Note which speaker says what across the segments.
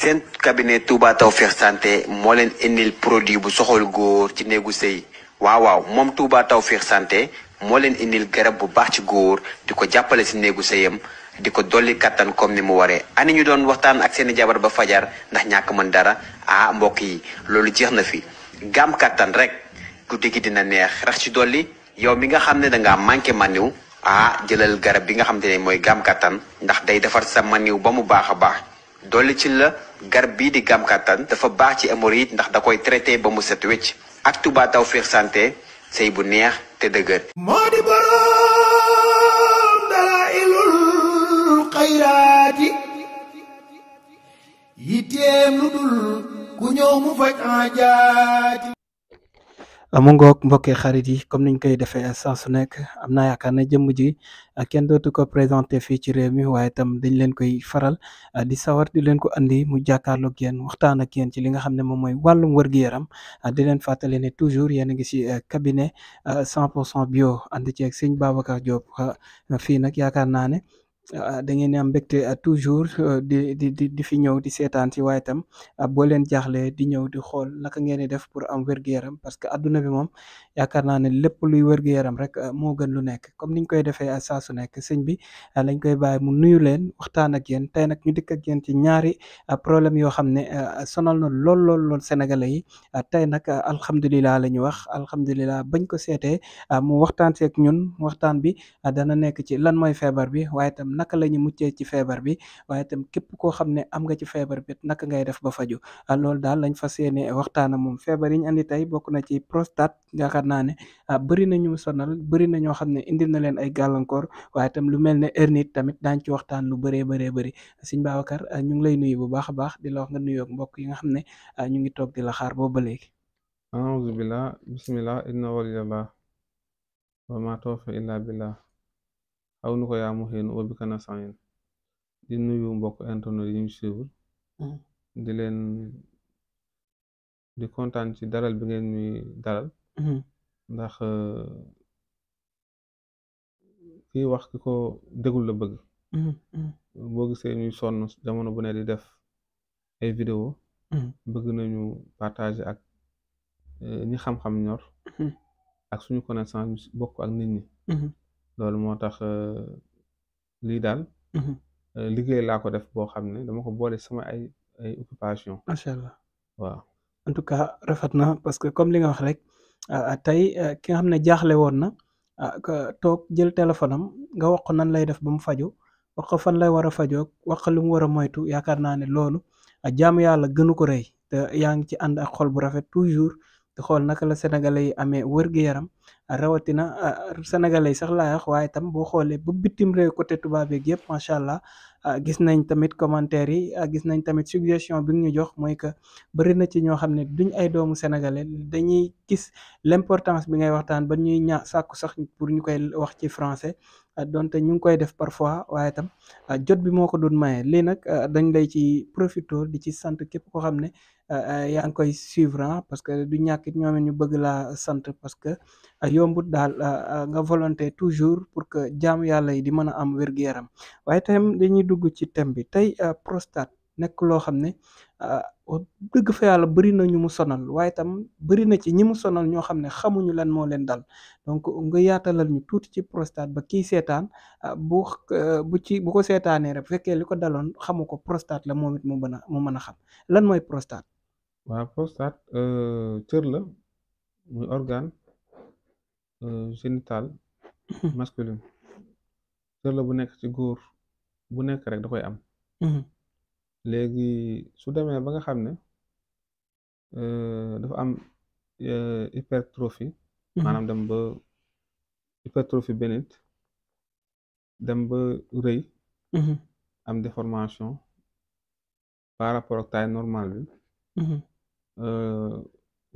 Speaker 1: sen cabinet Touba Tawfekh santé mo len indil produit bu soxol góor ci negu sey waaw waaw mom Touba Tawfekh santé mo len indil garab bu bax ci kom diko ko ci negu seyam diko doli katan comme ni mu waré ani ñu doon waxtaan ak jabar ba fajar ndax ñak man dara ah mbokk yi lolu jeex fi gam katan rek ku gi dina neex rax ci doli yow mi nga xam da nga manké maniw ah jëlal garab bi nga moy gam katan ndax day defar sa maniw ba mu baaxa baax dolli ci la garab bii di gam kàttan dafa baax ci it ndax da koy traité ba mu set wecc ak Touba Tawfekh sëy bu neex te dëgër
Speaker 2: moo di boroom dalailul xayraati
Speaker 1: yitteem lu dul ku ñëw mu faj ajaati mu ngoog mbokke xarit yi comme niñ koy defee saa su nekk am naa yaakaar na jëmm ji ah, kenn dootu ko présenté fii ci réew mi waaye itam dañ leen koy faral ah, di sawar di leen ko andi mu jàkkaarloog yéen waxtaan ak yéen ci li nga xam ne moom mooy wàllum wër-gu-yaram ah, di leen fàttali ne toujours yéen a ngi ci eh, cabinet 100 pour cent bio ànd ci ak sëñ Babacar Diop fii nag yaakaar naa ne Ah, da ngeen am mbégte ah, toujours ah, di di di fi ñëw di seetaan si waaye itam boo leen jaaxlee di ñëw di xool naka ngeen di def pour am wér-gu-yaram parce que adduna bi moom yaakaar naa ne lépp luy wér-gu-yaram rek moo gën lu nekk comme niñ koy defee saa su nekk sëñ bi lañ koy bàyyi mu nuyu leen waxtaan ak yéen tey nag ñu dikk ak yéen ci ñaari problème yoo xam ne sonal na lool lool lool sénégalais yi tey nag alhamdulilah la ñu wax alhamdulilah bañ ko seetee mu waxtaan seeg ñun waxtaan bi dana nekk ci lan mooy feebar bi waaye naka la muccee ci feebar bi waaye itam képp koo xam ne am nga ci feebar bi naka ngay def ba faju ah, loolu daal lañ fas yéene waxtaana moom feebar yi ñu andi tey bokk na ci prostate yaakaar naa ne ah, bëri na ñu sonal bëri na ñoo xam ne indil na leen ay gàllankoor waaye itam lu mel ne hernite tamit daañ ci waxtaan lu bëree bëree bëri sëñ Babacar ah, ñu ngi lay nuyu bu baax a baax di la wax nga nuyoo mbokk yi nga xam ne ñu ngi toog di la xaar boobu ba léegi aouzu
Speaker 3: aw nu koy yaa mu xëy na ubbi kana di nuyu mbokk internet yi ñu suivre hmm. di leen di kontaan ci dalal bi ngeen ñuy dalal. Hmm. ndax kii euh, wax ko déglu la bëgg. Hmm, boo gisee ñuy sonn jamono bu ne di def ay vidéo bëgg nañu partager ak euh, ñi xam-xam ñor. ak suñu connaissance bokk ak nit ñi. loolu moo tax euh, lii daal. Mhm. Euh, liggéey laa ko def boo xam ne dama ko boole sama ay ay occupation. macha allah waaw.
Speaker 1: en tout cas rafet na parce que comme li nga wax rek tey ki nga xam ne jaaxle woon na toog jël téléphone am nga wax ko nan lay def ba mu faju fan lay war a fajoo wax ko lu mu war a moytu yaakaar naa ne loolu jaamu yàlla gënu ko rey te yaa ngi ci ànd ak xol bu rafet toujours di xool naka la sénégalais yi amee wér yaram rawatina euh, sénégalais yi sax laay wax waaye tam boo xoolee ba bitim réew côté tubaab yeeg yëpp macha allah Ah, gis nañ tamit commentaire yi ah, gis nañ tamit suggestion bi ñu jox mooy que bari na ci ñoo xam ne duñ ay doomu sénégalais dañuy gis l'importance bi ngay waxtaan ba ñuy ñaa sàkku sax pour ñu koy wax ci français ah, donte ñu ngi koy def parfois waaye tam jot bi moo ko doon maye lii nag dañ lay ci profito di ci sant képp ko xam ne yaa ngi koy suivre parce que du ñàkk it ñoom ñu bëgg laa sant parce que yombut daal nga volonté toujours pour que jaamu yàlla yi di mën a am wér-gu-yaram waaye tam dañuy dugg ci thème bi tey euh, prostate nekk loo xam ne euh, dëgg fa yàlla bëri na ñu mu sonal waaye tam bëri na ci ñi mu sonal ñoo xam ne xamuñu lan moo leen dal donc nga yaatalal ñu tuuti ci prostate ba kii seetaan euh, bu bu ci bu ko seetaanee rek fekkee li ko daloon xamu ko prostate la moom it mu mën a mu mën a xam lan mooy prostate.
Speaker 3: waa prostate cër la muy organe génital hmm. cër la bu nekk ci góor. bu nekk rek da koy am. Mhm. léegi su demee ba nga xam ne euh, dafa am euh, hypertrophie. Mhm. maanaam dem ba hypertrophie bénite dem ba rëy. Mhm. am déformation par rapport ak taille normale bi. Euh,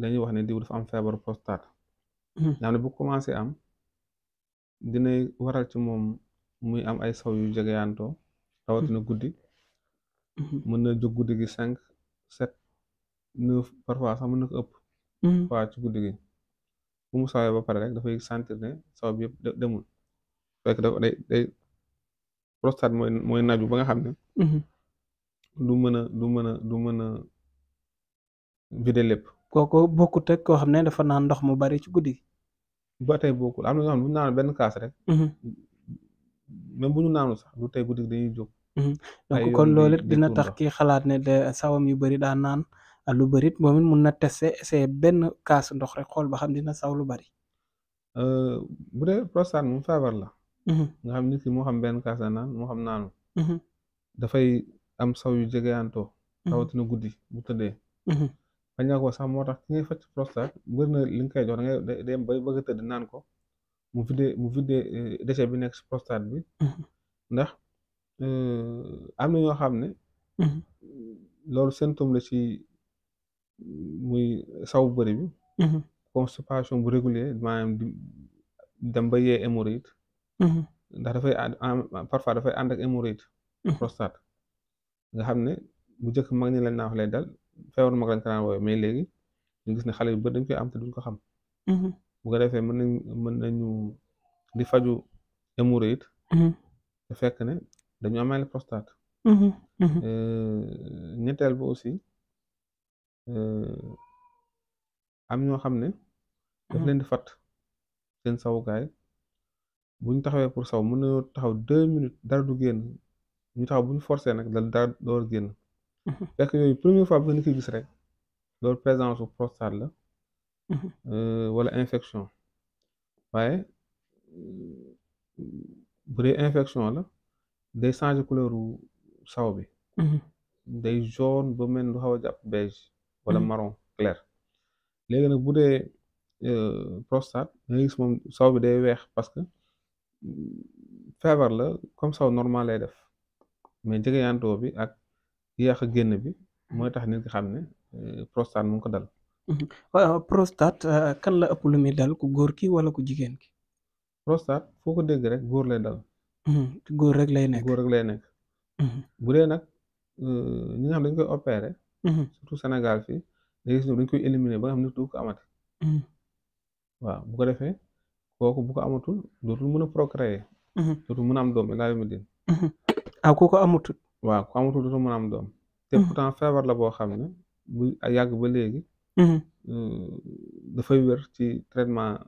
Speaker 3: la ñuy wax ne diw dafa am feebaru prostate. nga xam ne bu commencé am dinay waral ci moom muy am ay saw yu jegeyaantoo rawatina guddi mhm. mën na jóg guddi gi cinq sept neuf parfois sax mën na ko ëpp mhm. fois ci guddi gi bu mu sawee ba pare rek dafay sentir ne saw bi yëpp demul fekk dafa day day prostate mooy naju ba nga xam ne mhm. du mën a du mën a du mën a vide lépp kooku bokkut ak koo xam ne dafa naan ndox mu bari ci guddi gi ba tey bokkul am na ñoo xam ne naan benn kaas rek même bu ñu naanu sax du tey guddi dañuy jóg.
Speaker 2: Mhm. donc kon loolu dina tax
Speaker 1: ki xalaat ne de sawam yu bëri daan naan lu bëri it moom it mun na tester essayer benn kaasu ndox rek xool ba xam dina saw lu bëri.
Speaker 3: Euh, bu dee prostate moom feebar la. Mhm. nga xam nit ki moo xam benn kaas la naan moo xam naanu. Mhm. dafay am saw yu jegeantoo. rawatina guddi bu tëddee. bañ a ko sax moo tax ki ngay faj prostate bëri na li nga koy jox da ngay dem bay bëgg a tëdd naan ko. mu vidé mu vidé eh, déchet bi nekk si prostate bi. Mhm. ndax eh, am na ñoo xam ne. Mhm. loolu symptôme la ci muy saw bëri bi. Mhm. constipation bu régulier maanaam di dem ba yee hémorroïde. ndax dafay parfois dafay ànd ak hémorroïde. prostate nga xam ne bu njëkk mag ñi lañ naa wax lay dal feebar mag lañ ko daan woowee mais léegi ñu gis ne xale yu bëri dañ koy am te duñ ko xam. bu defee mën na mën nañu di faju hémorroïde mm-hmm. te fekk ne dañu amaale prostate
Speaker 2: mm-hmm. Mm-hmm.
Speaker 3: Euh, ñetteel ba aussi euh, am ñoo xam ne daf leen di fat seen sawukaay buñ taxawee pour saw mën nañoo taxaw deux minutes dara du génn ñu taxaw bu ñu forcé nag dal dara door génn fekk yooyu première fois bu ngeen ko gis rek loolu présence u prostate la Mhm. Euh, wala infection waaye bu dee infection la day changer couleur saw bi mhm. day jaune ba mel lu xaw a jàpp beige wala mhm. marron clair léegi nag bu dee euh, prostate nga gis moom saw bi day weex parce que mm, feebar la comme saw normal lay def mais jege yantoo bi ak yéex a génn bi mooy tax nit ki xam ne euh, prostate mu ngi ko dal
Speaker 1: waaw prostate э, kan la ëpp lu muy dal ku góor ki wala ku jigéen ki. prostate foo ko dégg rek góor lay dal.
Speaker 2: Mhmm,
Speaker 3: góor rek lay nekk góor rek lay nekk. Mhmm. bu dee nag euh, ñi nga xam dañ koy opere mhmm. surtout Sénégal fii da gis koy éliminer ba nga xam ne du ko amati. waaw bu ko defee kooku bu ko amatul dootul mën a procréer. dootul mën a am doom ilaa yawmi diin. ah ku waaw ku mën doom. te pourtant feebar la boo xam ne bu yàgg ba léegi. Mm-hmm. Euh, dafay wér ci traitement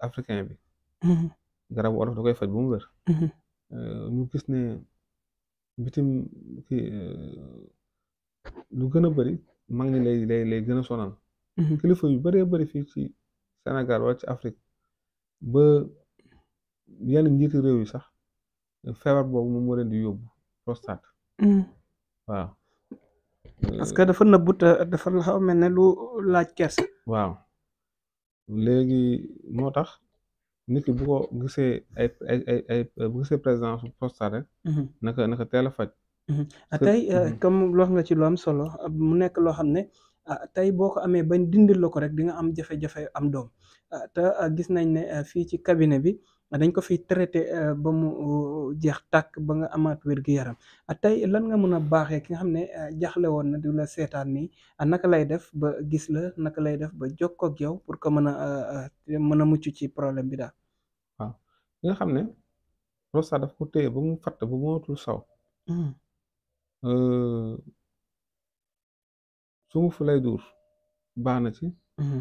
Speaker 3: africain bi. Mm-hmm. garabu olof da koy faj ba mu wér. Mm-hmm. Euh, ñu gis ne bitim kii euh, lu gën a bëri mag ñi lay lay lay gën a sonal. kilifa yu bëree bëri fii ci Sénégal wala ci Afrique ba yenn njiiti réew yi sax feebar boobu moom moo leen di yóbbu prostate. waaw. parce que
Speaker 1: dafa nëbbu te dafa xaw mel ne lu laaj kersa.
Speaker 3: waaw léegi moo tax nit ki bu ko gisee ay ay ay ay bu gisee rek. Mhm. naka naka teel a faj. Mhm. tey euh, mhm.
Speaker 1: comme loo xam nga ci lu am solo mu nekk loo xam ne. a ah, tey boo ko amee bañ dindil la ko rek di nga am jafe-jafe am doom ah, te ah, gis nañ ne fii ci cabinet bi dañ ko fi traité ba mu uh, jeex tàkk ba nga amaat wér-gu-yaram tey lan nga mën a baaxee ki nga xam ne jaxle woon na di la seetaan nii naka lay def ba gis la naka lay def ba jokkoo ak yow pour que mën a mën a mucc ci problème bi daal.
Speaker 3: waaw nga xam ne Rossa daf ko téye ba mu fatt ba mu matul saw. Hmm. Euh, sunguf lay duur baax na ci mhm.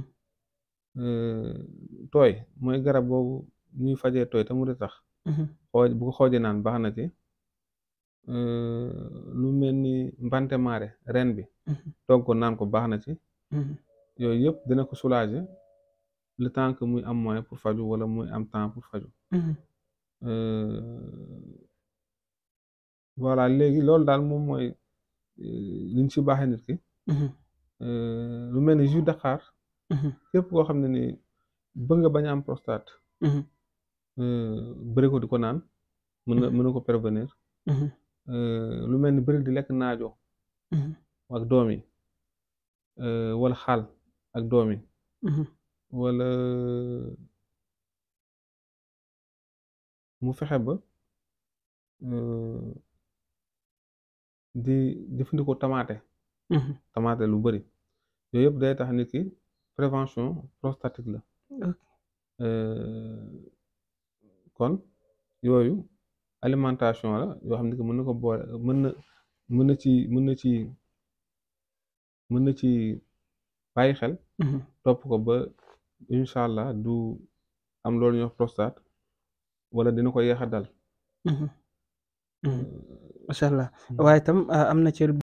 Speaker 3: tooy mooy garab boobu ñuy faje tooy te mu tax mhm. xooj bu ko naan baax na ci lu mel ni mbante maare ren bi mhm. togg ko naan ko baax na ci yooyu yëpp dina ko soulager le temps que muy am moyen pour faju wala muy am temps pour faju voilà léegi loolu daal moom mooy liñ ci baaxee nit ki Euh, lu mel ni jus daxaar mhm. képp koo xam ne ni bëgg nga bañ prostate mhm. euh, bëri di ko naan mën na mhm. mën ko prévenir euh, lu mel ni bëri di lekk naajo ak doom yi wala xaal ak doom yi wala mu fexe ba di jëfandikoo tamaate Mhm. tamaate lu bari yooyu yëpp day tax nit ki prévention prostatique la euh, kon yooyu alimentation la yoo xam ne mën na ko boole mën na mun na ci mun na ci mën na ci bàyyi xel mhm. topp ko ba incha allah du am loolu ñuy prostate wala dina ko yéex a dal
Speaker 1: mhm. euh, macha allah waaye tam euh, am na ci